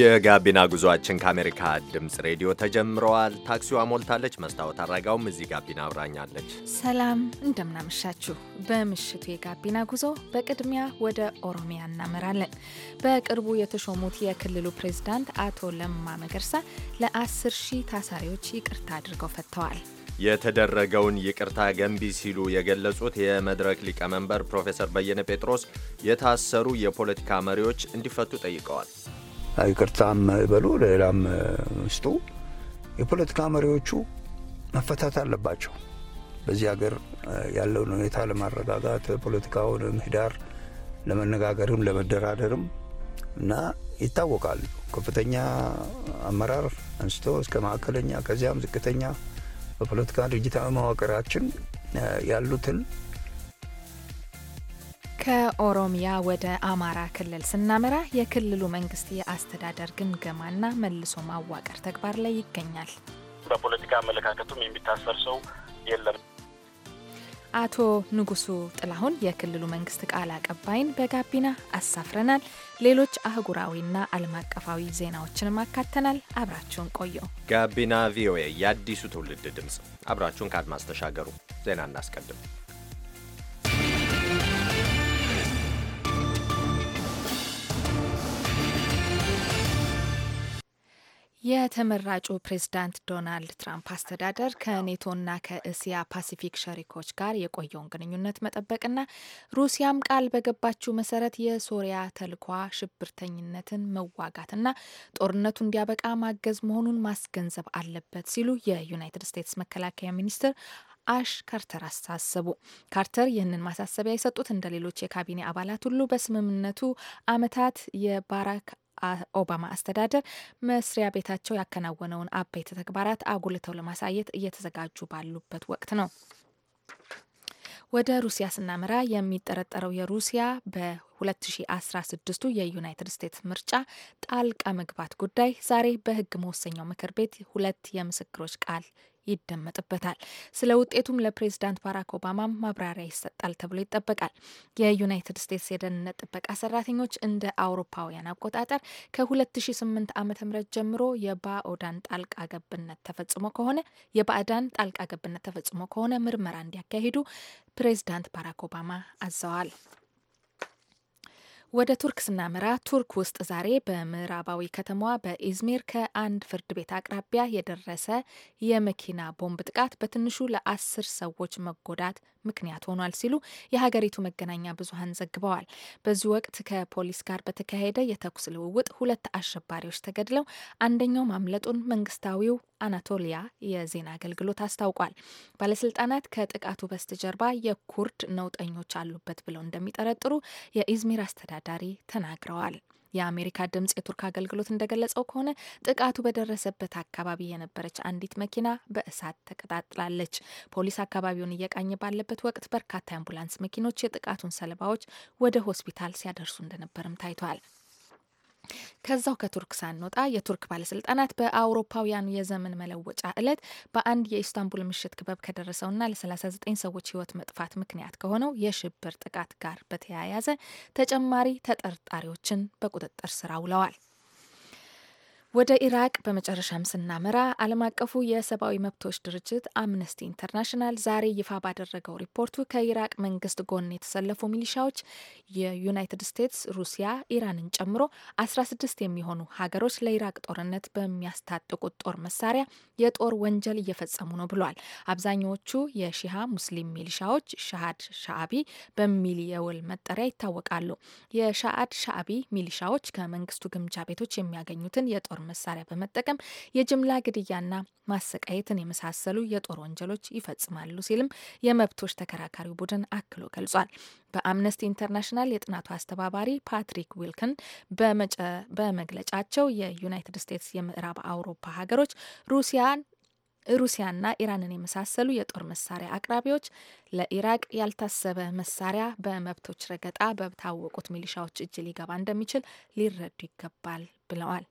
የጋቢና ጉዞአችን ከአሜሪካ ድምፅ ሬዲዮ ተጀምረዋል። ታክሲዋ ሞልታለች። መስታወት አድራጋውም እዚህ ጋቢና አብራኛለች። ሰላም እንደምናመሻችሁ። በምሽቱ የጋቢና ጉዞ በቅድሚያ ወደ ኦሮሚያ እናመራለን። በቅርቡ የተሾሙት የክልሉ ፕሬዝዳንት አቶ ለማ መገርሳ ለአስር ሺህ ታሳሪዎች ይቅርታ አድርገው ፈተዋል። የተደረገውን ይቅርታ ገንቢ ሲሉ የገለጹት የመድረክ ሊቀመንበር ፕሮፌሰር በየነ ጴጥሮስ የታሰሩ የፖለቲካ መሪዎች እንዲፈቱ ጠይቀዋል። ይቅርታም በሉ ሌላም ስጡ፣ የፖለቲካ መሪዎቹ መፈታት አለባቸው። በዚህ ሀገር ያለውን ሁኔታ ለማረጋጋት ፖለቲካውን ምህዳር ለመነጋገርም ለመደራደርም እና ይታወቃል። ከፍተኛ አመራር አንስቶ እስከ ማዕከለኛ ከዚያም ዝቅተኛ በፖለቲካ ድርጅታዊ መዋቅራችን ያሉትን ከኦሮሚያ ወደ አማራ ክልል ስናመራ የክልሉ መንግስት የአስተዳደር ግምገማና መልሶ ማዋቀር ተግባር ላይ ይገኛል። በፖለቲካ አመለካከቱም የሚታሰር ሰው የለም። አቶ ንጉሱ ጥላሁን የክልሉ መንግስት ቃል አቀባይን በጋቢና አሳፍረናል። ሌሎች አህጉራዊና ዓለም አቀፋዊ ዜናዎችንም አካተናል። አብራችሁን ቆዩ። ጋቢና ቪኦኤ የአዲሱ ትውልድ ድምፅ፣ አብራችሁን ከአድማስ ተሻገሩ። ዜና እናስቀድም። የተመራጩ ፕሬዝዳንት ዶናልድ ትራምፕ አስተዳደር ከኔቶና ከእስያ ፓሲፊክ ሸሪኮች ጋር የቆየውን ግንኙነት መጠበቅና ሩሲያም ቃል በገባችው መሰረት የሶሪያ ተልኳ ሽብርተኝነትን መዋጋትና ጦርነቱ እንዲያበቃ ማገዝ መሆኑን ማስገንዘብ አለበት ሲሉ የዩናይትድ ስቴትስ መከላከያ ሚኒስትር አሽ ካርተር አሳሰቡ። ካርተር ይህንን ማሳሰቢያ የሰጡት እንደ ሌሎች የካቢኔ አባላት ሁሉ በስምምነቱ ዓመታት የባራክ ኦባማ አስተዳደር መስሪያ ቤታቸው ያከናወነውን አበይት ተግባራት አጉልተው ለማሳየት እየተዘጋጁ ባሉበት ወቅት ነው። ወደ ሩሲያ ስናመራ የሚጠረጠረው የሩሲያ በ2016ቱ የዩናይትድ ስቴትስ ምርጫ ጣልቃ መግባት ጉዳይ ዛሬ በሕግ መወሰኛው ምክር ቤት ሁለት የምስክሮች ቃል ይደመጥበታል። ስለ ውጤቱም ለፕሬዚዳንት ባራክ ኦባማ ማብራሪያ ይሰጣል ተብሎ ይጠበቃል። የዩናይትድ ስቴትስ የደህንነት ጥበቃ ሰራተኞች እንደ አውሮፓውያን አቆጣጠር ከ2008 ም ጀምሮ የባዕዳን ጣልቃ ገብነት ተፈጽሞ ከሆነ የባዕዳን ጣልቃ ገብነት ተፈጽሞ ከሆነ ምርመራ እንዲያካሂዱ ፕሬዚዳንት ባራክ ኦባማ አዘዋል። ወደ ቱርክ ስናመራ ቱርክ ውስጥ ዛሬ በምዕራባዊ ከተማዋ በኢዝሚር ከአንድ ፍርድ ቤት አቅራቢያ የደረሰ የመኪና ቦምብ ጥቃት በትንሹ ለአስር ሰዎች መጎዳት ምክንያት ሆኗል ሲሉ የሀገሪቱ መገናኛ ብዙሀን ዘግበዋል። በዚህ ወቅት ከፖሊስ ጋር በተካሄደ የተኩስ ልውውጥ ሁለት አሸባሪዎች ተገድለው አንደኛው ማምለጡን መንግስታዊው አናቶሊያ የዜና አገልግሎት አስታውቋል። ባለስልጣናት ከጥቃቱ በስተጀርባ የኩርድ ነውጠኞች አሉበት ብለው እንደሚጠረጥሩ የኢዝሚር አስተዳዳሪ ተናግረዋል። የአሜሪካ ድምጽ የቱርክ አገልግሎት እንደገለጸው ከሆነ ጥቃቱ በደረሰበት አካባቢ የነበረች አንዲት መኪና በእሳት ተቀጣጥላለች። ፖሊስ አካባቢውን እየቃኘ ባለበት ወቅት በርካታ የአምቡላንስ መኪኖች የጥቃቱን ሰለባዎች ወደ ሆስፒታል ሲያደርሱ እንደነበርም ታይቷል። ከዛው ከቱርክ ሳንወጣ የቱርክ ባለስልጣናት በአውሮፓውያኑ የዘመን መለወጫ ዕለት በአንድ የኢስታንቡል ምሽት ክበብ ከደረሰውና ለ39 ሰዎች ህይወት መጥፋት ምክንያት ከሆነው የሽብር ጥቃት ጋር በተያያዘ ተጨማሪ ተጠርጣሪዎችን በቁጥጥር ስር አውለዋል። ወደ ኢራቅ በመጨረሻም ስናመራ ዓለም አቀፉ የሰብአዊ መብቶች ድርጅት አምነስቲ ኢንተርናሽናል ዛሬ ይፋ ባደረገው ሪፖርቱ ከኢራቅ መንግስት ጎን የተሰለፉ ሚሊሻዎች የዩናይትድ ስቴትስ፣ ሩሲያ፣ ኢራንን ጨምሮ 16 የሚሆኑ ሀገሮች ለኢራቅ ጦርነት በሚያስታጥቁት ጦር መሳሪያ የጦር ወንጀል እየፈጸሙ ነው ብሏል። አብዛኛዎቹ የሺሃ ሙስሊም ሚሊሻዎች ሻሃድ ሻአቢ በሚል የውል መጠሪያ ይታወቃሉ። የሻአድ ሻአቢ ሚሊሻዎች ከመንግስቱ ግምጃ ቤቶች የሚያገኙትን የጦር መሳሪያ በመጠቀም የጅምላ ግድያና ማሰቃየትን የመሳሰሉ የጦር ወንጀሎች ይፈጽማሉ ሲልም የመብቶች ተከራካሪው ቡድን አክሎ ገልጿል። በአምነስቲ ኢንተርናሽናል የጥናቱ አስተባባሪ ፓትሪክ ዊልክን በመግለጫቸው የዩናይትድ ስቴትስ የምዕራብ አውሮፓ ሀገሮች ሩሲያን ሩሲያና ኢራንን የመሳሰሉ የጦር መሳሪያ አቅራቢዎች ለኢራቅ ያልታሰበ መሳሪያ በመብቶች ረገጣ በታወቁት ሚሊሻዎች እጅ ሊገባ እንደሚችል ሊረዱ ይገባል ብለዋል።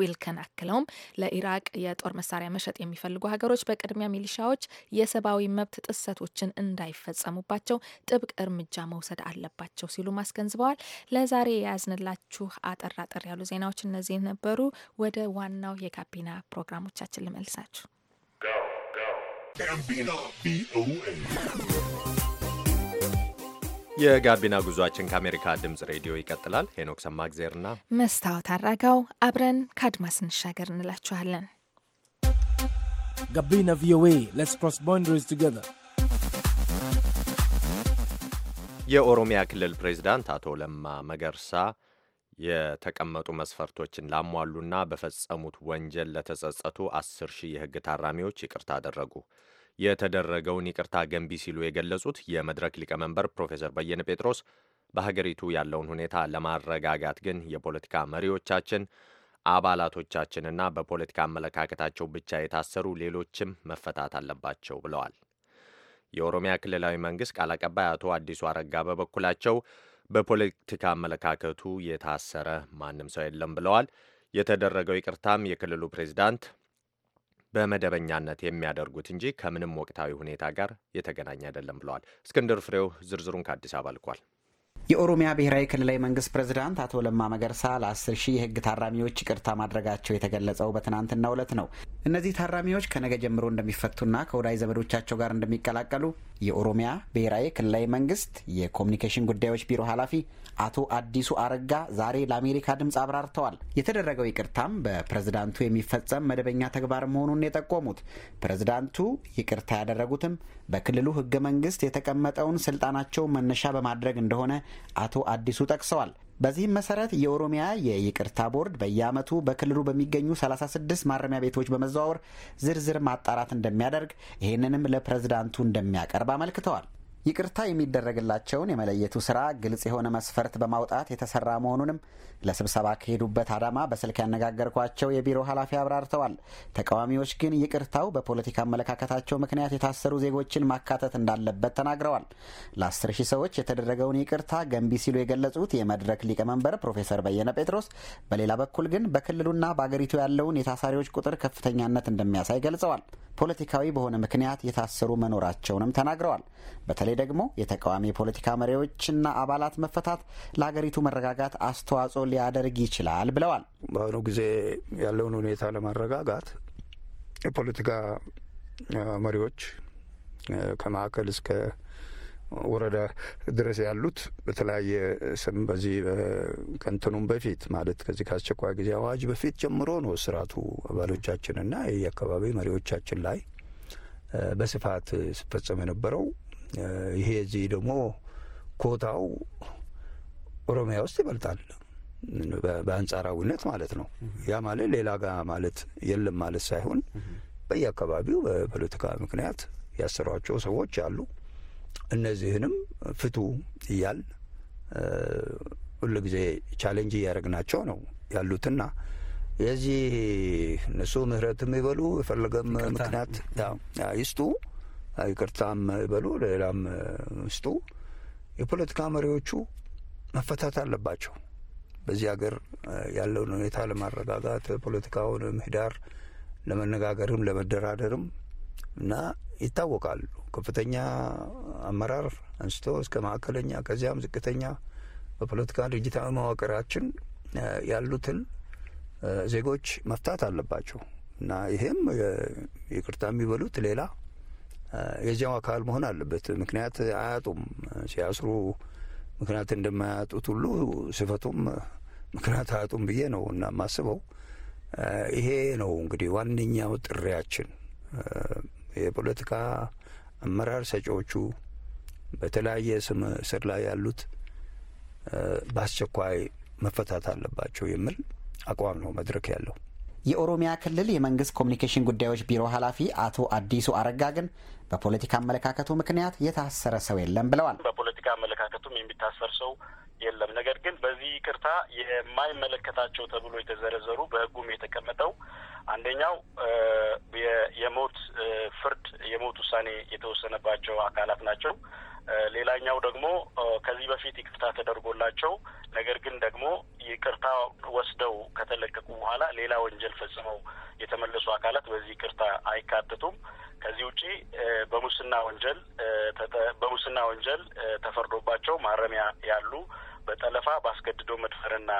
ዊልከን አክለውም ለኢራቅ የጦር መሳሪያ መሸጥ የሚፈልጉ ሀገሮች በቅድሚያ ሚሊሻዎች የሰብአዊ መብት ጥሰቶችን እንዳይፈጸሙባቸው ጥብቅ እርምጃ መውሰድ አለባቸው ሲሉ አስገንዝበዋል። ለዛሬ የያዝንላችሁ አጠር አጠር ያሉ ዜናዎች እነዚህ ነበሩ። ወደ ዋናው የካቢና ፕሮግራሞቻችን ልመልሳችሁ። የጋቢና ጉዟችን ከአሜሪካ ድምፅ ሬዲዮ ይቀጥላል። ሄኖክ ሰማግዜርና መስታወት አራጋው አብረን ከአድማስ እንሻገር እንላችኋለን። ጋቢና ቪኦኤ ሌትስ ክሮስ ቦንደሪስ ቱጌዘር። የኦሮሚያ ክልል ፕሬዚዳንት አቶ ለማ መገርሳ የተቀመጡ መስፈርቶችን ላሟሉና በፈጸሙት ወንጀል ለተጸጸቱ አስር ሺህ የህግ ታራሚዎች ይቅርታ አደረጉ። የተደረገውን ይቅርታ ገንቢ ሲሉ የገለጹት የመድረክ ሊቀመንበር ፕሮፌሰር በየነ ጴጥሮስ በሀገሪቱ ያለውን ሁኔታ ለማረጋጋት ግን የፖለቲካ መሪዎቻችን አባላቶቻችንና በፖለቲካ አመለካከታቸው ብቻ የታሰሩ ሌሎችም መፈታት አለባቸው ብለዋል። የኦሮሚያ ክልላዊ መንግስት ቃል አቀባይ አቶ አዲሱ አረጋ በበኩላቸው በፖለቲካ አመለካከቱ የታሰረ ማንም ሰው የለም ብለዋል። የተደረገው ይቅርታም የክልሉ ፕሬዚዳንት በመደበኛነት የሚያደርጉት እንጂ ከምንም ወቅታዊ ሁኔታ ጋር የተገናኘ አይደለም ብለዋል። እስክንድር ፍሬው ዝርዝሩን ከአዲስ አበባ ልኳል። የኦሮሚያ ብሔራዊ ክልላዊ መንግስት ፕሬዝዳንት አቶ ለማ መገርሳ ለ10 ሺህ የህግ ታራሚዎች ይቅርታ ማድረጋቸው የተገለጸው በትናንትናው ዕለት ነው። እነዚህ ታራሚዎች ከነገ ጀምሮ እንደሚፈቱና ከወዳጅ ዘመዶቻቸው ጋር እንደሚቀላቀሉ የኦሮሚያ ብሔራዊ ክልላዊ መንግስት የኮሚኒኬሽን ጉዳዮች ቢሮ ኃላፊ አቶ አዲሱ አረጋ ዛሬ ለአሜሪካ ድምፅ አብራርተዋል። የተደረገው ይቅርታም በፕሬዝዳንቱ የሚፈጸም መደበኛ ተግባር መሆኑን የጠቆሙት ፕሬዝዳንቱ ይቅርታ ያደረጉትም በክልሉ ህገ መንግስት የተቀመጠውን ስልጣናቸው መነሻ በማድረግ እንደሆነ አቶ አዲሱ ጠቅሰዋል። በዚህም መሰረት የኦሮሚያ የይቅርታ ቦርድ በየዓመቱ በክልሉ በሚገኙ 36 ማረሚያ ቤቶች በመዘዋወር ዝርዝር ማጣራት እንደሚያደርግ ይህንንም ለፕሬዝዳንቱ እንደሚያቀርብ አመልክተዋል። ይቅርታ የሚደረግላቸውን የመለየቱ ስራ ግልጽ የሆነ መስፈርት በማውጣት የተሰራ መሆኑንም ለስብሰባ ከሄዱበት አዳማ በስልክ ያነጋገርኳቸው የቢሮ ኃላፊ አብራርተዋል። ተቃዋሚዎች ግን ይቅርታው በፖለቲካ አመለካከታቸው ምክንያት የታሰሩ ዜጎችን ማካተት እንዳለበት ተናግረዋል። ለአስር ሺህ ሰዎች የተደረገውን ይቅርታ ገንቢ ሲሉ የገለጹት የመድረክ ሊቀመንበር ፕሮፌሰር በየነ ጴጥሮስ በሌላ በኩል ግን በክልሉና በአገሪቱ ያለውን የታሳሪዎች ቁጥር ከፍተኛነት እንደሚያሳይ ገልጸዋል። ፖለቲካዊ በሆነ ምክንያት የታሰሩ መኖራቸውንም ተናግረዋል። በተለይ በተለይ ደግሞ የተቃዋሚ የፖለቲካ መሪዎችና አባላት መፈታት ለሀገሪቱ መረጋጋት አስተዋጽኦ ሊያደርግ ይችላል ብለዋል። በአሁኑ ጊዜ ያለውን ሁኔታ ለማረጋጋት የፖለቲካ መሪዎች ከማዕከል እስከ ወረዳ ድረስ ያሉት በተለያየ ስም በዚህ ከንትኑም በፊት ማለት ከዚህ ከአስቸኳይ ጊዜ አዋጅ በፊት ጀምሮ ነው ስርዓቱ አባሎቻችንና የአካባቢ መሪዎቻችን ላይ በስፋት ሲፈጸም የነበረው ይሄ እዚህ ደግሞ ኮታው ኦሮሚያ ውስጥ ይበልጣል በአንጻራዊነት ማለት ነው። ያ ማለት ሌላ ጋር ማለት የለም ማለት ሳይሆን በየአካባቢው በፖለቲካ ምክንያት ያሰሯቸው ሰዎች አሉ። እነዚህንም ፍቱ እያል ሁሉ ጊዜ ቻሌንጅ እያደረግናቸው ነው ያሉትና የዚህ እነሱ ምህረትም ይበሉ የፈለገም ምክንያት ይስጡ ይቅርታም በሉ ሌላም ውስጡ የፖለቲካ መሪዎቹ መፈታት አለባቸው። በዚህ ሀገር ያለውን ሁኔታ ለማረጋጋት ፖለቲካውን ምህዳር ለመነጋገርም ለመደራደርም እና ይታወቃሉ። ከፍተኛ አመራር አንስቶ እስከ መካከለኛ ከዚያም ዝቅተኛ በፖለቲካ ድርጅታዊ መዋቅራችን ያሉትን ዜጎች መፍታት አለባቸው እና ይሄም ይቅርታ የሚበሉት ሌላ የዚያው አካል መሆን አለበት። ምክንያት አያጡም ሲያስሩ ምክንያት እንደማያጡት ሁሉ ስፈቱም ምክንያት አያጡም ብዬ ነው እና ማስበው ይሄ ነው እንግዲህ ዋነኛው ጥሪያችን። የፖለቲካ አመራር ሰጪዎቹ በተለያየ ስም እስር ላይ ያሉት በአስቸኳይ መፈታት አለባቸው የሚል አቋም ነው መድረክ ያለው። የኦሮሚያ ክልል የመንግስት ኮሚኒኬሽን ጉዳዮች ቢሮ ኃላፊ አቶ አዲሱ አረጋ ግን በፖለቲካ አመለካከቱ ምክንያት የታሰረ ሰው የለም ብለዋል። በፖለቲካ አመለካከቱም የሚታሰር ሰው የለም። ነገር ግን በዚህ ይቅርታ የማይመለከታቸው ተብሎ የተዘረዘሩ በህጉም የተቀመጠው አንደኛው የሞት ፍርድ የሞት ውሳኔ የተወሰነባቸው አካላት ናቸው። ሌላኛው ደግሞ ከዚህ በፊት ይቅርታ ተደርጎላቸው ነገር ግን ደግሞ ይቅርታ ወስደው ከተለቀቁ በኋላ ሌላ ወንጀል ፈጽመው የተመለሱ አካላት በዚህ ይቅርታ አይካተቱም። ከዚህ ውጪ በሙስና ወንጀል በሙስና ወንጀል ተፈርዶባቸው ማረሚያ ያሉ በጠለፋ በአስገድዶ መድፈርና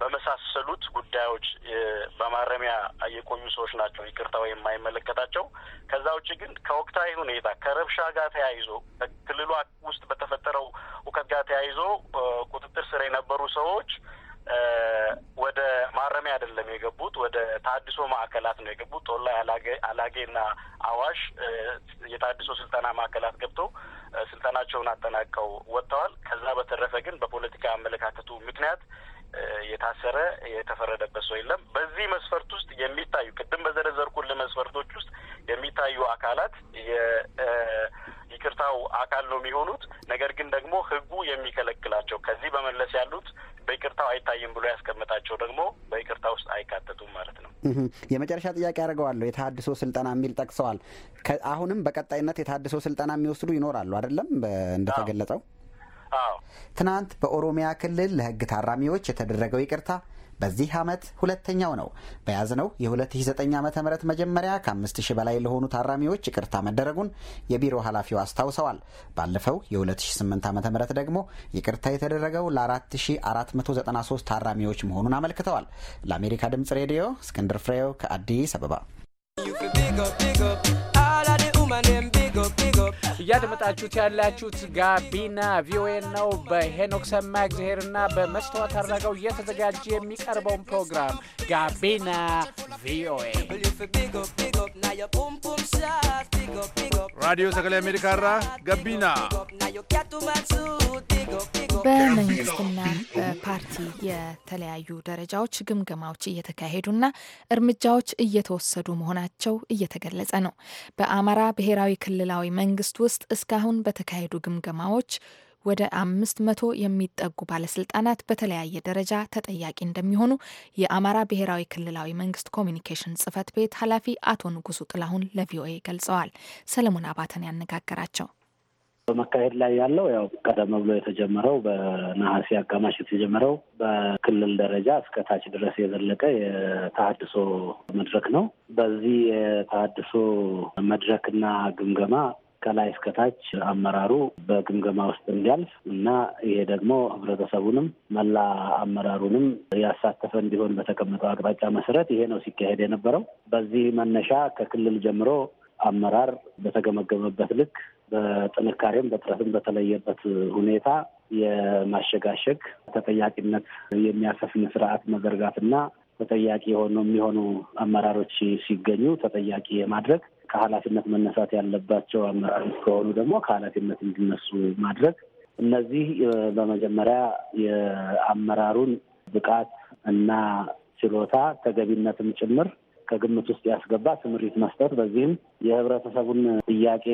በመሳሰሉት ጉዳዮች በማረሚያ የቆዩ ሰዎች ናቸው ይቅርታው የማይመለከታቸው። ከዛ ውጭ ግን ከወቅታዊ ሁኔታ ከረብሻ ጋር ተያይዞ ክልሉ ውስጥ በተፈጠረው እውቀት ጋር ተያይዞ ቁጥጥር ስር የነበሩ ሰዎች ወደ ማረሚያ አይደለም የገቡት፣ ወደ ታድሶ ማዕከላት ነው የገቡት። ጦላይ አላጌና አዋሽ የታድሶ ስልጠና ማዕከላት ገብተው ስልጠናቸውን አጠናቀው ወጥተዋል። ከዛ በተረፈ ግን በፖለቲካ አመለካከቱ ምክንያት የታሰረ የተፈረደበት ሰው የለም። በዚህ መስፈርት ውስጥ የሚታዩ ቅድም በዘረዘርኩልህ መስፈርቶች ውስጥ የሚታዩ አካላት የይቅርታው አካል ነው የሚሆኑት። ነገር ግን ደግሞ ህጉ የሚከለክላቸው ከዚህ በመለስ ያሉት በይቅርታው አይታይም ብሎ ያስቀመጣቸው ደግሞ በይቅርታ ውስጥ አይካተቱም ማለት ነው። የመጨረሻ ጥያቄ አድርገዋለሁ። የተሀድሶ ስልጠና የሚል ጠቅሰዋል። አሁንም በቀጣይነት የተሀድሶ ስልጠና የሚወስዱ ይኖራሉ አይደለም እንደተገለጸው ትናንት በኦሮሚያ ክልል ለህግ ታራሚዎች የተደረገው ይቅርታ በዚህ ዓመት ሁለተኛው ነው። በያዝነው የ2009 ዓ ም መጀመሪያ ከ5000 በላይ ለሆኑ ታራሚዎች ይቅርታ መደረጉን የቢሮ ኃላፊው አስታውሰዋል። ባለፈው የ2008 ዓ ም ደግሞ ይቅርታ የተደረገው ለ4493 ታራሚዎች መሆኑን አመልክተዋል። ለአሜሪካ ድምፅ ሬዲዮ እስክንድር ፍሬው ከአዲስ አበባ እያደመጣችሁት ያላችሁት ጋቢና ቪኦኤ ነው። በሄኖክ ሰማ እግዚአብሔርና በመስተዋት አድረገው እየተዘጋጀ የሚቀርበውን ፕሮግራም ጋቢና ቪኦኤ raadiyoo sagalee ameerikaarraa gabbina በመንግስትና በፓርቲ የተለያዩ ደረጃዎች ግምገማዎች እየተካሄዱና እርምጃዎች እየተወሰዱ መሆናቸው እየተገለጸ ነው። በአማራ ብሔራዊ ክልላዊ መንግስት ውስጥ እስካሁን በተካሄዱ ግምገማዎች ወደ አምስት መቶ የሚጠጉ ባለስልጣናት በተለያየ ደረጃ ተጠያቂ እንደሚሆኑ የአማራ ብሔራዊ ክልላዊ መንግስት ኮሚኒኬሽን ጽህፈት ቤት ኃላፊ አቶ ንጉሱ ጥላሁን ለቪኦኤ ገልጸዋል። ሰለሞን አባተን ያነጋገራቸው በመካሄድ ላይ ያለው ያው ቀደም ብሎ የተጀመረው በነሐሴ አጋማሽ የተጀመረው በክልል ደረጃ እስከ ታች ድረስ የዘለቀ የተሀድሶ መድረክ ነው። በዚህ የተሀድሶ መድረክና ግምገማ ከላይ እስከታች አመራሩ በግምገማ ውስጥ እንዲያልፍ እና ይሄ ደግሞ ህብረተሰቡንም መላ አመራሩንም ያሳተፈ እንዲሆን በተቀመጠው አቅጣጫ መሰረት ይሄ ነው ሲካሄድ የነበረው። በዚህ መነሻ ከክልል ጀምሮ አመራር በተገመገመበት ልክ በጥንካሬም በጥረትም በተለየበት ሁኔታ የማሸጋሸግ ተጠያቂነት የሚያሰፍን ስርዓት መዘርጋትና ተጠያቂ የሆኑ የሚሆኑ አመራሮች ሲገኙ ተጠያቂ የማድረግ ከኃላፊነት መነሳት ያለባቸው አመራሮች ከሆኑ ደግሞ ከኃላፊነት እንዲነሱ ማድረግ እነዚህ በመጀመሪያ የአመራሩን ብቃት እና ችሎታ ተገቢነትም ጭምር ከግምት ውስጥ ያስገባ ስምሪት መስጠት፣ በዚህም የህብረተሰቡን ጥያቄ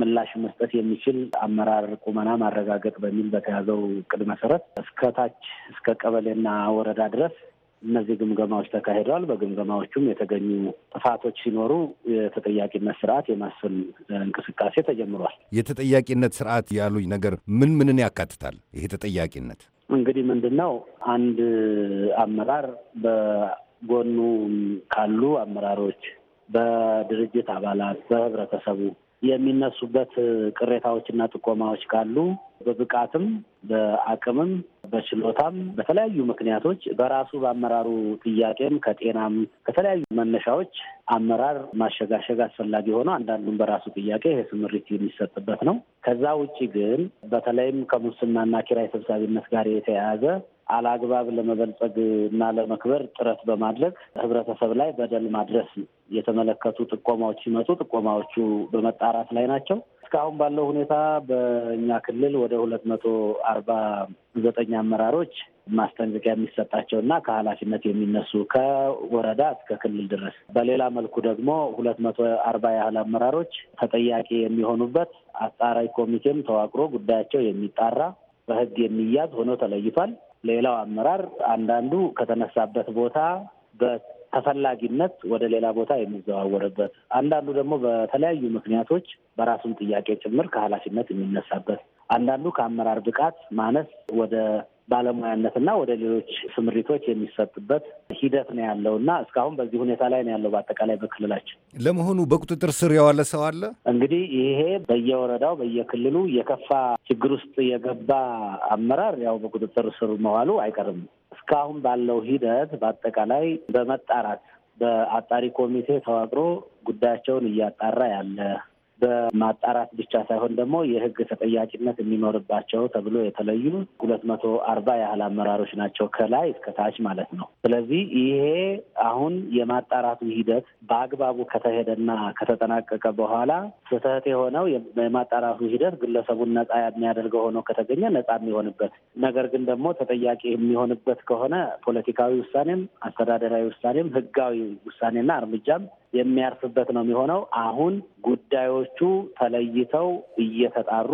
ምላሽ መስጠት የሚችል አመራር ቁመና ማረጋገጥ በሚል በተያዘው እቅድ መሰረት እስከታች እስከ ቀበሌና ወረዳ ድረስ እነዚህ ግምገማዎች ተካሂደዋል። በግምገማዎቹም የተገኙ ጥፋቶች ሲኖሩ የተጠያቂነት ስርዓት የማስፈን እንቅስቃሴ ተጀምሯል። የተጠያቂነት ስርዓት ያሉኝ ነገር ምን ምንን ያካትታል? ይሄ ተጠያቂነት እንግዲህ ምንድን ነው? አንድ አመራር በጎኑ ካሉ አመራሮች፣ በድርጅት አባላት፣ በህብረተሰቡ የሚነሱበት ቅሬታዎችና ጥቆማዎች ካሉ በብቃትም በአቅምም በችሎታም በተለያዩ ምክንያቶች በራሱ በአመራሩ ጥያቄም ከጤናም ከተለያዩ መነሻዎች አመራር ማሸጋሸግ አስፈላጊ ሆኖ አንዳንዱም በራሱ ጥያቄ ይሄ ስምሪት የሚሰጥበት ነው። ከዛ ውጭ ግን በተለይም ከሙስናና ኪራይ ሰብሳቢነት ጋር የተያያዘ አላግባብ ለመበልጸግ እና ለመክበር ጥረት በማድረግ ህብረተሰብ ላይ በደል ማድረስ የተመለከቱ ጥቆማዎች ሲመጡ ጥቆማዎቹ በመጣራት ላይ ናቸው። እስካሁን ባለው ሁኔታ በእኛ ክልል ወደ ሁለት መቶ አርባ ዘጠኝ አመራሮች ማስጠንቀቂያ የሚሰጣቸው እና ከኃላፊነት የሚነሱ ከወረዳ እስከ ክልል ድረስ በሌላ መልኩ ደግሞ ሁለት መቶ አርባ ያህል አመራሮች ተጠያቂ የሚሆኑበት አጣራዊ ኮሚቴም ተዋቅሮ ጉዳያቸው የሚጣራ በህግ የሚያዝ ሆኖ ተለይቷል። ሌላው አመራር አንዳንዱ ከተነሳበት ቦታ በተፈላጊነት ወደ ሌላ ቦታ የሚዘዋወርበት፣ አንዳንዱ ደግሞ በተለያዩ ምክንያቶች በራሱም ጥያቄ ጭምር ከኃላፊነት የሚነሳበት አንዳንዱ ከአመራር ብቃት ማነስ ወደ ባለሙያነትና ወደ ሌሎች ስምሪቶች የሚሰጥበት ሂደት ነው ያለው እና እስካሁን በዚህ ሁኔታ ላይ ነው ያለው። በአጠቃላይ በክልላችን ለመሆኑ በቁጥጥር ስር የዋለ ሰው አለ? እንግዲህ ይሄ በየወረዳው በየክልሉ የከፋ ችግር ውስጥ የገባ አመራር ያው በቁጥጥር ስር መዋሉ አይቀርም። እስካሁን ባለው ሂደት በአጠቃላይ በመጣራት በአጣሪ ኮሚቴ ተዋቅሮ ጉዳያቸውን እያጣራ ያለ በማጣራት ብቻ ሳይሆን ደግሞ የህግ ተጠያቂነት የሚኖርባቸው ተብሎ የተለዩ ሁለት መቶ አርባ ያህል አመራሮች ናቸው ከላይ እስከ ታች ማለት ነው። ስለዚህ ይሄ አሁን የማጣራቱ ሂደት በአግባቡ ከተሄደና ከተጠናቀቀ በኋላ ስህተት የሆነው የማጣራቱ ሂደት ግለሰቡን ነጻ የሚያደርገው ሆኖ ከተገኘ ነጻ የሚሆንበት ነገር ግን ደግሞ ተጠያቂ የሚሆንበት ከሆነ ፖለቲካዊ ውሳኔም፣ አስተዳደራዊ ውሳኔም፣ ህጋዊ ውሳኔና እርምጃም የሚያርፍበት ነው የሚሆነው። አሁን ጉዳዮቹ ተለይተው እየተጣሩ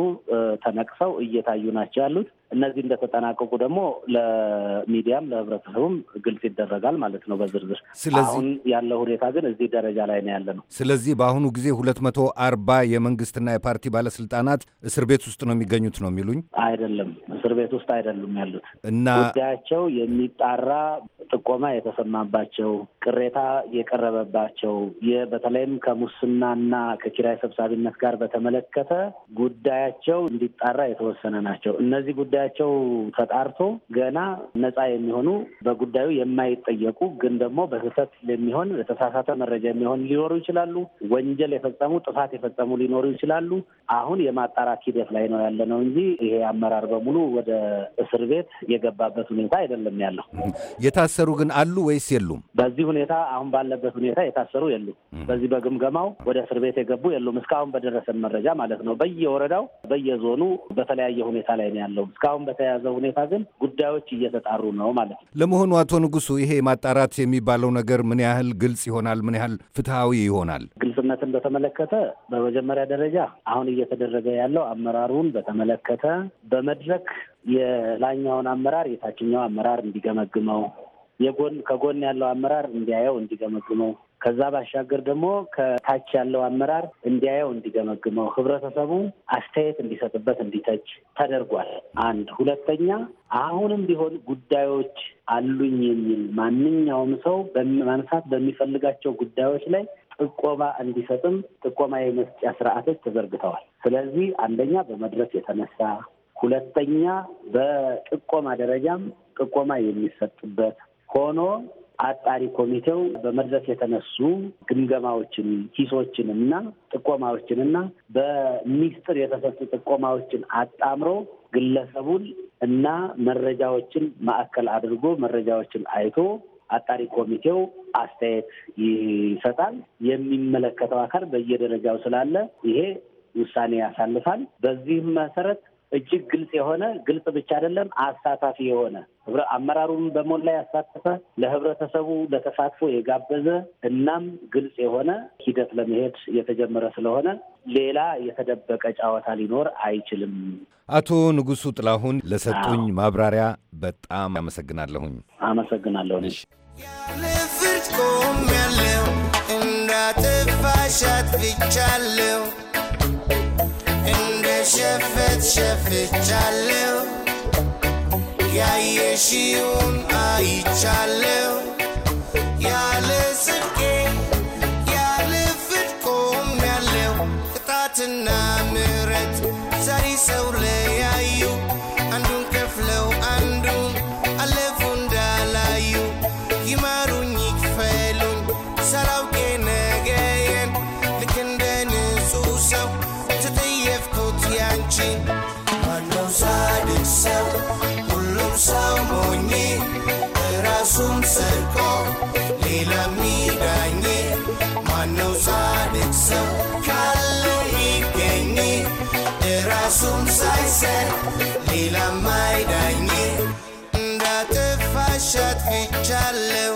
ተነቅሰው እየታዩ ናቸው ያሉት። እነዚህ እንደተጠናቀቁ ደግሞ ለሚዲያም ለህብረተሰቡም ግልጽ ይደረጋል ማለት ነው በዝርዝር። ስለዚህ አሁን ያለው ሁኔታ ግን እዚህ ደረጃ ላይ ነው ያለ ነው። ስለዚህ በአሁኑ ጊዜ ሁለት መቶ አርባ የመንግስትና የፓርቲ ባለስልጣናት እስር ቤት ውስጥ ነው የሚገኙት ነው የሚሉኝ? አይደለም፣ እስር ቤት ውስጥ አይደሉም ያሉት እና ጉዳያቸው የሚጣራ ጥቆማ የተሰማባቸው ቅሬታ የቀረበባቸው በተለይም ከሙስናና ከኪራይ ሰብሳቢነት ጋር በተመለከተ ጉዳያቸው እንዲጣራ የተወሰነ ናቸው እነዚህ ጉዳይ ጉዳያቸው ተጣርቶ ገና ነጻ የሚሆኑ በጉዳዩ የማይጠየቁ ግን ደግሞ በስህተት የሚሆን የተሳሳተ መረጃ የሚሆን ሊኖሩ ይችላሉ። ወንጀል የፈጸሙ ጥፋት የፈጸሙ ሊኖሩ ይችላሉ። አሁን የማጣራት ሂደት ላይ ነው ያለ ነው እንጂ ይሄ አመራር በሙሉ ወደ እስር ቤት የገባበት ሁኔታ አይደለም ያለው። የታሰሩ ግን አሉ ወይስ የሉም? በዚህ ሁኔታ አሁን ባለበት ሁኔታ የታሰሩ የሉም። በዚህ በግምገማው ወደ እስር ቤት የገቡ የሉም። እስካሁን በደረሰን መረጃ ማለት ነው። በየወረዳው በየዞኑ በተለያየ ሁኔታ ላይ ነው ያለው። እስካሁን በተያዘው ሁኔታ ግን ጉዳዮች እየተጣሩ ነው ማለት ነው። ለመሆኑ አቶ ንጉሱ ይሄ ማጣራት የሚባለው ነገር ምን ያህል ግልጽ ይሆናል? ምን ያህል ፍትሐዊ ይሆናል? ግልጽነትን በተመለከተ በመጀመሪያ ደረጃ አሁን እየተደረገ ያለው አመራሩን በተመለከተ በመድረክ የላይኛውን አመራር የታችኛው አመራር እንዲገመግመው የጎን ከጎን ያለው አመራር እንዲያየው እንዲገመግመው ከዛ ባሻገር ደግሞ ከታች ያለው አመራር እንዲያየው፣ እንዲገመግመው ህብረተሰቡ አስተያየት እንዲሰጥበት፣ እንዲተች ተደርጓል። አንድ ሁለተኛ አሁንም ቢሆን ጉዳዮች አሉኝ የሚል ማንኛውም ሰው ማንሳት በሚፈልጋቸው ጉዳዮች ላይ ጥቆማ እንዲሰጥም ጥቆማ የመስጫ ስርዓቶች ተዘርግተዋል። ስለዚህ አንደኛ በመድረስ የተነሳ ሁለተኛ በጥቆማ ደረጃም ጥቆማ የሚሰጥበት ሆኖ አጣሪ ኮሚቴው በመድረስ የተነሱ ግምገማዎችን፣ ሂሶችን እና ጥቆማዎችን እና በሚስጥር የተሰጡ ጥቆማዎችን አጣምሮ ግለሰቡን እና መረጃዎችን ማዕከል አድርጎ መረጃዎችን አይቶ አጣሪ ኮሚቴው አስተያየት ይሰጣል። የሚመለከተው አካል በየደረጃው ስላለ ይሄ ውሳኔ ያሳልፋል። በዚህም መሰረት እጅግ ግልጽ የሆነ ግልጽ ብቻ አይደለም አሳታፊ የሆነ አመራሩን በሞላ ያሳተፈ ለህብረተሰቡ ለተሳትፎ የጋበዘ እናም ግልጽ የሆነ ሂደት ለመሄድ የተጀመረ ስለሆነ ሌላ የተደበቀ ጨዋታ ሊኖር አይችልም። አቶ ንጉሱ ጥላሁን ለሰጡኝ ማብራሪያ በጣም አመሰግናለሁኝ። አመሰግናለሁ። ያለ ፍርድ שפט שפט צ'לר יא ישיום אי צ'לר יא לזקי יא לפתקום יאלו קטעתנה ምረት ዛሬ ሰው ለያዩ አንዱን ከፍለው አንዱን ሀሳብ ሆኜ ራሱም ሰርቆ ሌላ ሚዳኝ ማነው ጻድቅ ሰው ካለ ይገኝ ራሱም ሳይሰር ሌላ ማይዳኝ እንዳጥፋሻት ፍቻለሁ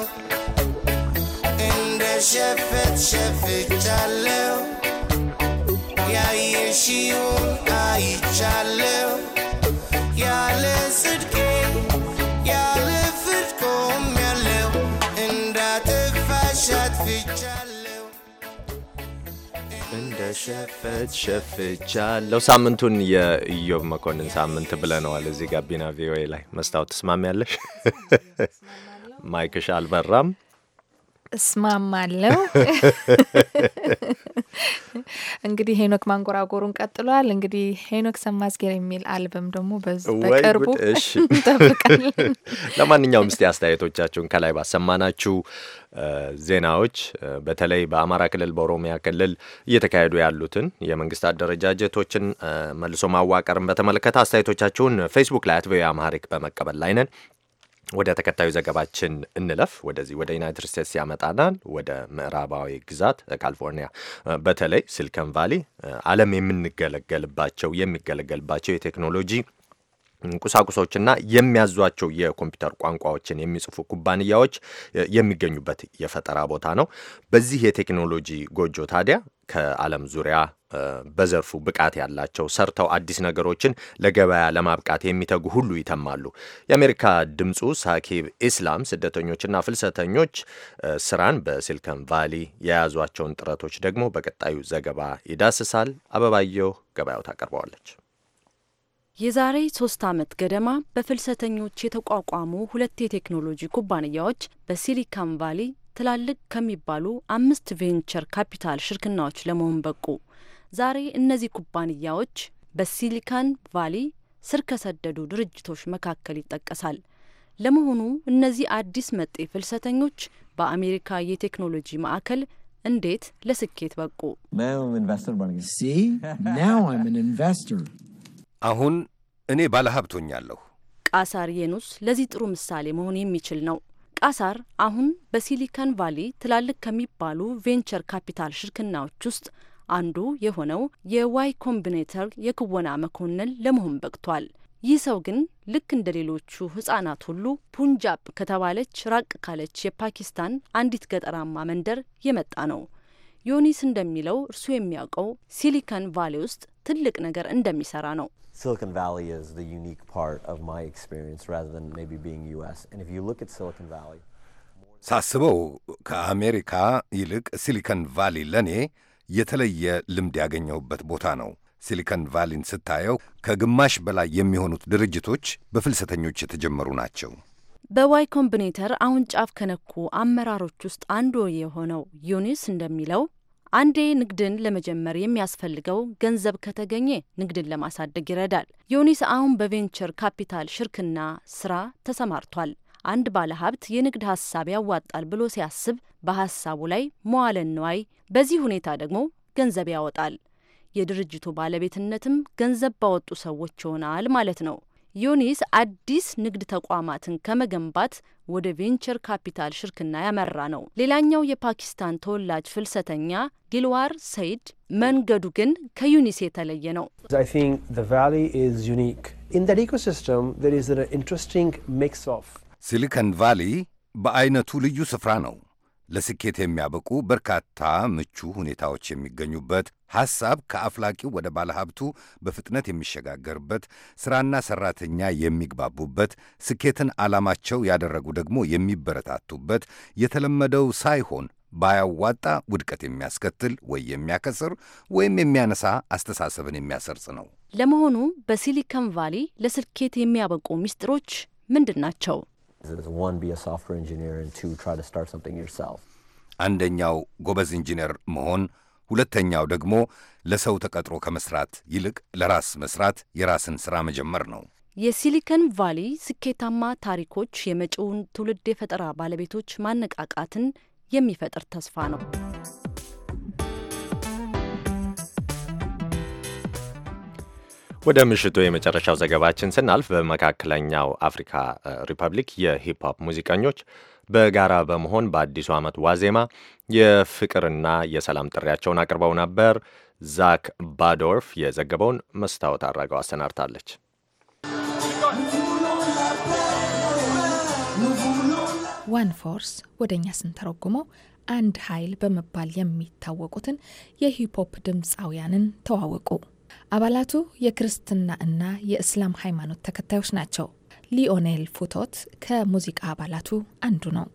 እንደ ሸፈት ሸፍቻለሁ ያየሽውን አይቻለሁ ያለ ጽድቅ መሸፈት ሸፍቻለሁ። ሳምንቱን የኢዮብ መኮንን ሳምንት ብለነዋል። እዚህ ጋቢና ቪኦኤ ላይ መስታወት ትስማሚያለሽ? ማይክሽ አልበራም። እስማማለሁ። እንግዲህ ሄኖክ ማንጎራጎሩን ቀጥሏል። እንግዲህ ሄኖክ ሰማዝጌር የሚል አልበም ደግሞ በቅርቡ እንጠብቃለን። ለማንኛውም እስቲ አስተያየቶቻችሁን ከላይ ባሰማናችሁ ዜናዎች በተለይ በአማራ ክልል፣ በኦሮሚያ ክልል እየተካሄዱ ያሉትን የመንግስት አደረጃጀቶችን መልሶ ማዋቀርን በተመለከተ አስተያየቶቻችሁን ፌስቡክ ላይ አትቪ አማሪክ በመቀበል ላይ ነን። ወደ ተከታዩ ዘገባችን እንለፍ። ወደዚህ ወደ ዩናይትድ ስቴትስ ያመጣናል። ወደ ምዕራባዊ ግዛት ካሊፎርኒያ፣ በተለይ ሲሊከን ቫሊ ዓለም የምንገለገልባቸው የሚገለገልባቸው የቴክኖሎጂ ቁሳቁሶችና የሚያዟቸው የኮምፒውተር ቋንቋዎችን የሚጽፉ ኩባንያዎች የሚገኙበት የፈጠራ ቦታ ነው። በዚህ የቴክኖሎጂ ጎጆ ታዲያ ከዓለም ዙሪያ በዘርፉ ብቃት ያላቸው ሰርተው አዲስ ነገሮችን ለገበያ ለማብቃት የሚተጉ ሁሉ ይተማሉ። የአሜሪካ ድምፁ ሳኪብ ኢስላም ስደተኞችና ፍልሰተኞች ስራን በሲልከን ቫሊ የያዟቸውን ጥረቶች ደግሞ በቀጣዩ ዘገባ ይዳስሳል። አበባየሁ ገበያው ታቀርበዋለች። የዛሬ ሶስት ዓመት ገደማ በፍልሰተኞች የተቋቋሙ ሁለት የቴክኖሎጂ ኩባንያዎች በሲሊካን ቫሊ ትላልቅ ከሚባሉ አምስት ቬንቸር ካፒታል ሽርክናዎች ለመሆን በቁ። ዛሬ እነዚህ ኩባንያዎች በሲሊካን ቫሊ ስር ከሰደዱ ድርጅቶች መካከል ይጠቀሳል። ለመሆኑ እነዚህ አዲስ መጤ ፍልሰተኞች በአሜሪካ የቴክኖሎጂ ማዕከል እንዴት ለስኬት በቁ? አሁን እኔ ባለሀብቶኛለሁ። ቃሳር የኑስ ለዚህ ጥሩ ምሳሌ መሆን የሚችል ነው። ቃሳር አሁን በሲሊከን ቫሊ ትላልቅ ከሚባሉ ቬንቸር ካፒታል ሽርክናዎች ውስጥ አንዱ የሆነው የዋይ ኮምቢኔተር የክወና መኮንን ለመሆን በቅቷል። ይህ ሰው ግን ልክ እንደ ሌሎቹ ህጻናት ሁሉ ፑንጃብ ከተባለች ራቅ ካለች የፓኪስታን አንዲት ገጠራማ መንደር የመጣ ነው። ዮኒስ እንደሚለው እርሱ የሚያውቀው ሲሊከን ቫሌ ውስጥ ትልቅ ነገር እንደሚሰራ ነው። ሳስበው ከአሜሪካ ይልቅ ሲሊከን ቫሊ ለእኔ የተለየ ልምድ ያገኘሁበት ቦታ ነው። ሲሊከን ቫሊን ስታየው ከግማሽ በላይ የሚሆኑት ድርጅቶች በፍልሰተኞች የተጀመሩ ናቸው። በዋይ ኮምቢኔተር አሁን ጫፍ ከነኩ አመራሮች ውስጥ አንዱ የሆነው ዩኒስ እንደሚለው አንዴ ንግድን ለመጀመር የሚያስፈልገው ገንዘብ ከተገኘ ንግድን ለማሳደግ ይረዳል። ዩኒስ አሁን በቬንቸር ካፒታል ሽርክና ስራ ተሰማርቷል። አንድ ባለሀብት የንግድ ሀሳብ ያዋጣል ብሎ ሲያስብ በሀሳቡ ላይ መዋለ ንዋይ፣ በዚህ ሁኔታ ደግሞ ገንዘብ ያወጣል። የድርጅቱ ባለቤትነትም ገንዘብ ባወጡ ሰዎች ይሆናል ማለት ነው። ዮኒስ አዲስ ንግድ ተቋማትን ከመገንባት ወደ ቬንቸር ካፒታል ሽርክና ያመራ ነው። ሌላኛው የፓኪስታን ተወላጅ ፍልሰተኛ ዲልዋር ሰይድ መንገዱ ግን ከዩኒስ የተለየ ነው። ሲሊከን ቫሊ በአይነቱ ልዩ ስፍራ ነው። ለስኬት የሚያበቁ በርካታ ምቹ ሁኔታዎች የሚገኙበት ሐሳብ ከአፍላቂው ወደ ባለሀብቱ በፍጥነት የሚሸጋገርበት ሥራና ሠራተኛ የሚግባቡበት ስኬትን ዓላማቸው ያደረጉ ደግሞ የሚበረታቱበት የተለመደው ሳይሆን ባያዋጣ ውድቀት የሚያስከትል ወይ የሚያከስር ወይም የሚያነሳ አስተሳሰብን የሚያሰርጽ ነው። ለመሆኑ በሲሊከን ቫሊ ለስኬት የሚያበቁ ምስጢሮች ምንድን ናቸው? one, be a software engineer, and two, try to start something yourself. አንደኛው ጎበዝ ኢንጂነር መሆን፣ ሁለተኛው ደግሞ ለሰው ተቀጥሮ ከመስራት ይልቅ ለራስ መስራት የራስን ስራ መጀመር ነው። የሲሊከን ቫሊ ስኬታማ ታሪኮች የመጪውን ትውልድ የፈጠራ ባለቤቶች ማነቃቃትን የሚፈጥር ተስፋ ነው። ወደ ምሽቱ የመጨረሻው ዘገባችን ስናልፍ በመካከለኛው አፍሪካ ሪፐብሊክ የሂፕሆፕ ሙዚቀኞች በጋራ በመሆን በአዲሱ ዓመት ዋዜማ የፍቅርና የሰላም ጥሪያቸውን አቅርበው ነበር። ዛክ ባዶርፍ የዘገበውን መስታወት አድርገው አሰናድታለች። ዋን ፎርስ ወደ እኛ ስንተረጉመው አንድ ኃይል በመባል የሚታወቁትን የሂፖፕ ድምፃውያንን ተዋወቁ። አባላቱ የክርስትና እና የእስላም ሃይማኖት ተከታዮች ናቸው። ሊኦኔል ፉቶት ከሙዚቃ አባላቱ አንዱ ነው።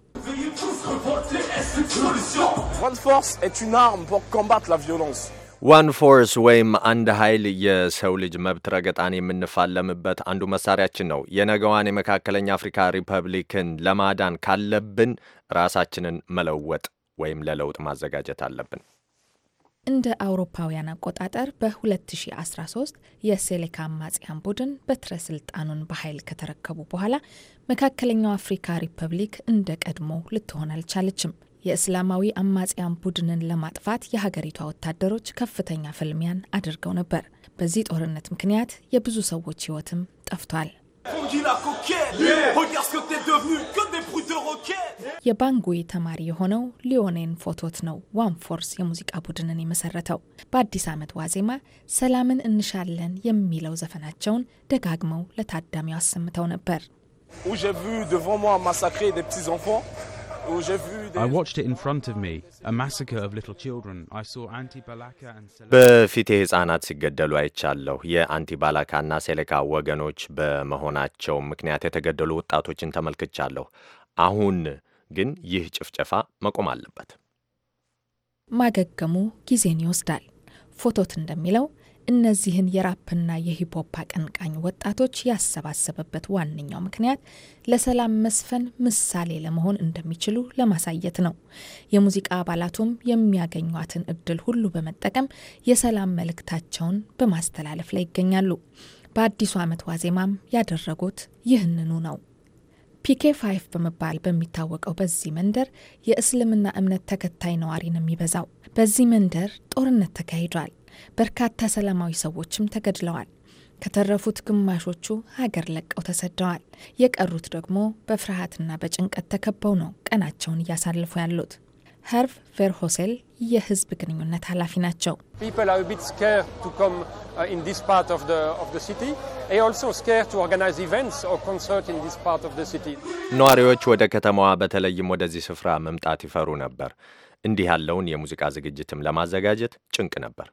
ዋን ፎርስ ወይም አንድ ኃይል የሰው ልጅ መብት ረገጣን የምንፋለምበት አንዱ መሳሪያችን ነው። የነገዋን የመካከለኛ አፍሪካ ሪፐብሊክን ለማዳን ካለብን ራሳችንን መለወጥ ወይም ለለውጥ ማዘጋጀት አለብን። እንደ አውሮፓውያን አቆጣጠር በ2013 የሴሌካ አማጽያን ቡድን በትረ ስልጣኑን በኃይል ከተረከቡ በኋላ መካከለኛው አፍሪካ ሪፐብሊክ እንደ ቀድሞ ልትሆን አልቻለችም። የእስላማዊ አማጽያን ቡድንን ለማጥፋት የሀገሪቷ ወታደሮች ከፍተኛ ፍልሚያን አድርገው ነበር። በዚህ ጦርነት ምክንያት የብዙ ሰዎች ሕይወትም ጠፍቷል። የባንጉዌ ተማሪ የሆነው ሊዮኔን ፎቶት ነው ዋን ፎርስ የሙዚቃ ቡድንን የመሰረተው። በአዲስ ዓመት ዋዜማ ሰላምን እንሻለን የሚለው ዘፈናቸውን ደጋግመው ለታዳሚው አሰምተው ነበር። በፊቴ ህጻናት ሲገደሉ አይቻለሁ። የአንቲ ባላካና ሴሌካ ወገኖች በመሆናቸው ምክንያት የተገደሉ ወጣቶችን ተመልክቻለሁ። አሁን ግን ይህ ጭፍጨፋ መቆም አለበት። ማገገሙ ጊዜን ይወስዳል። ፎቶት እንደሚለው እነዚህን የራፕና የሂፖፕ አቀንቃኝ ወጣቶች ያሰባሰበበት ዋነኛው ምክንያት ለሰላም መስፈን ምሳሌ ለመሆን እንደሚችሉ ለማሳየት ነው። የሙዚቃ አባላቱም የሚያገኟትን እድል ሁሉ በመጠቀም የሰላም መልእክታቸውን በማስተላለፍ ላይ ይገኛሉ። በአዲሱ ዓመት ዋዜማም ያደረጉት ይህንኑ ነው። ፒኬ ፋይፍ በመባል በሚታወቀው በዚህ መንደር የእስልምና እምነት ተከታይ ነዋሪ ነው የሚበዛው። በዚህ መንደር ጦርነት ተካሂዷል። በርካታ ሰላማዊ ሰዎችም ተገድለዋል። ከተረፉት ግማሾቹ ሀገር ለቀው ተሰደዋል። የቀሩት ደግሞ በፍርሃትና በጭንቀት ተከበው ነው ቀናቸውን እያሳለፉ ያሉት። ሀርቭ ቨርሆሴል የህዝብ ግንኙነት ኃላፊ ናቸው። uh, ነዋሪዎች ወደ ከተማዋ በተለይም ወደዚህ ስፍራ መምጣት ይፈሩ ነበር። እንዲህ ያለውን የሙዚቃ ዝግጅትም ለማዘጋጀት ጭንቅ ነበር።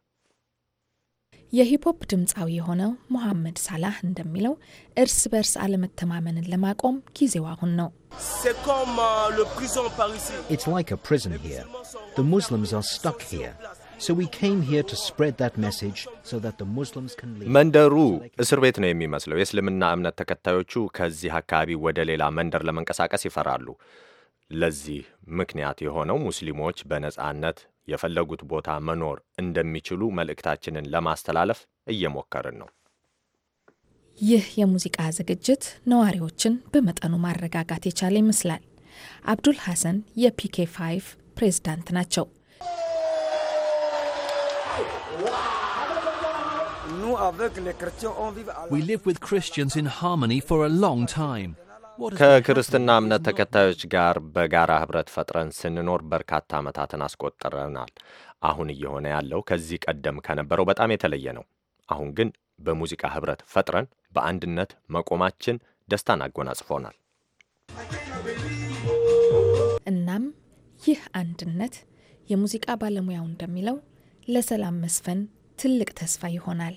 የሂፖፕ ድምፃዊ የሆነው ሞሐመድ ሳላህ እንደሚለው እርስ በርስ አለመተማመንን ለማቆም ጊዜው አሁን ነው። euh, መንደሩ እስር ቤት ነው የሚመስለው። የእስልምና እምነት ተከታዮቹ ከዚህ አካባቢ ወደ ሌላ መንደር ለመንቀሳቀስ ይፈራሉ። ለዚህ ምክንያት የሆነው ሙስሊሞች በነጻነት የፈለጉት ቦታ መኖር እንደሚችሉ መልእክታችንን ለማስተላለፍ እየሞከርን ነው። ይህ የሙዚቃ ዝግጅት ነዋሪዎችን በመጠኑ ማረጋጋት የቻለ ይመስላል። አብዱል ሐሰን የፒኬ ፋይቭ ፕሬዝዳንት ናቸው። We live with Christians in harmony for a long time. ከክርስትና እምነት ተከታዮች ጋር በጋራ ኅብረት ፈጥረን ስንኖር በርካታ ዓመታትን አስቆጥረናል። አሁን እየሆነ ያለው ከዚህ ቀደም ከነበረው በጣም የተለየ ነው። አሁን ግን በሙዚቃ ኅብረት ፈጥረን በአንድነት መቆማችን ደስታን አጎናጽፎናል። እናም ይህ አንድነት የሙዚቃ ባለሙያው እንደሚለው ለሰላም መስፈን ትልቅ ተስፋ ይሆናል።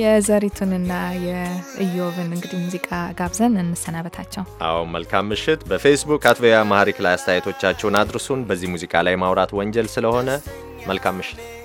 የዘሪቱንና የኢዮብን እንግዲህ ሙዚቃ ጋብዘን እንሰናበታቸው። አዎ መልካም ምሽት። በፌስቡክ አት ቪኦኤ አማሪክ ላይ አስተያየቶቻችሁን አድርሱን። በዚህ ሙዚቃ ላይ ማውራት ወንጀል ስለሆነ መልካም ምሽት።